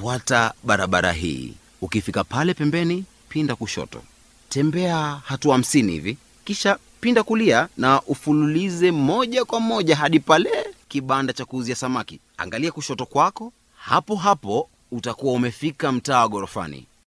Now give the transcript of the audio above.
fuata barabara hii ukifika pale pembeni pinda kushoto tembea hatua hamsini hivi kisha pinda kulia na ufululize moja kwa moja hadi pale kibanda cha kuuzia samaki angalia kushoto kwako hapo hapo utakuwa umefika mtaa wa ghorofani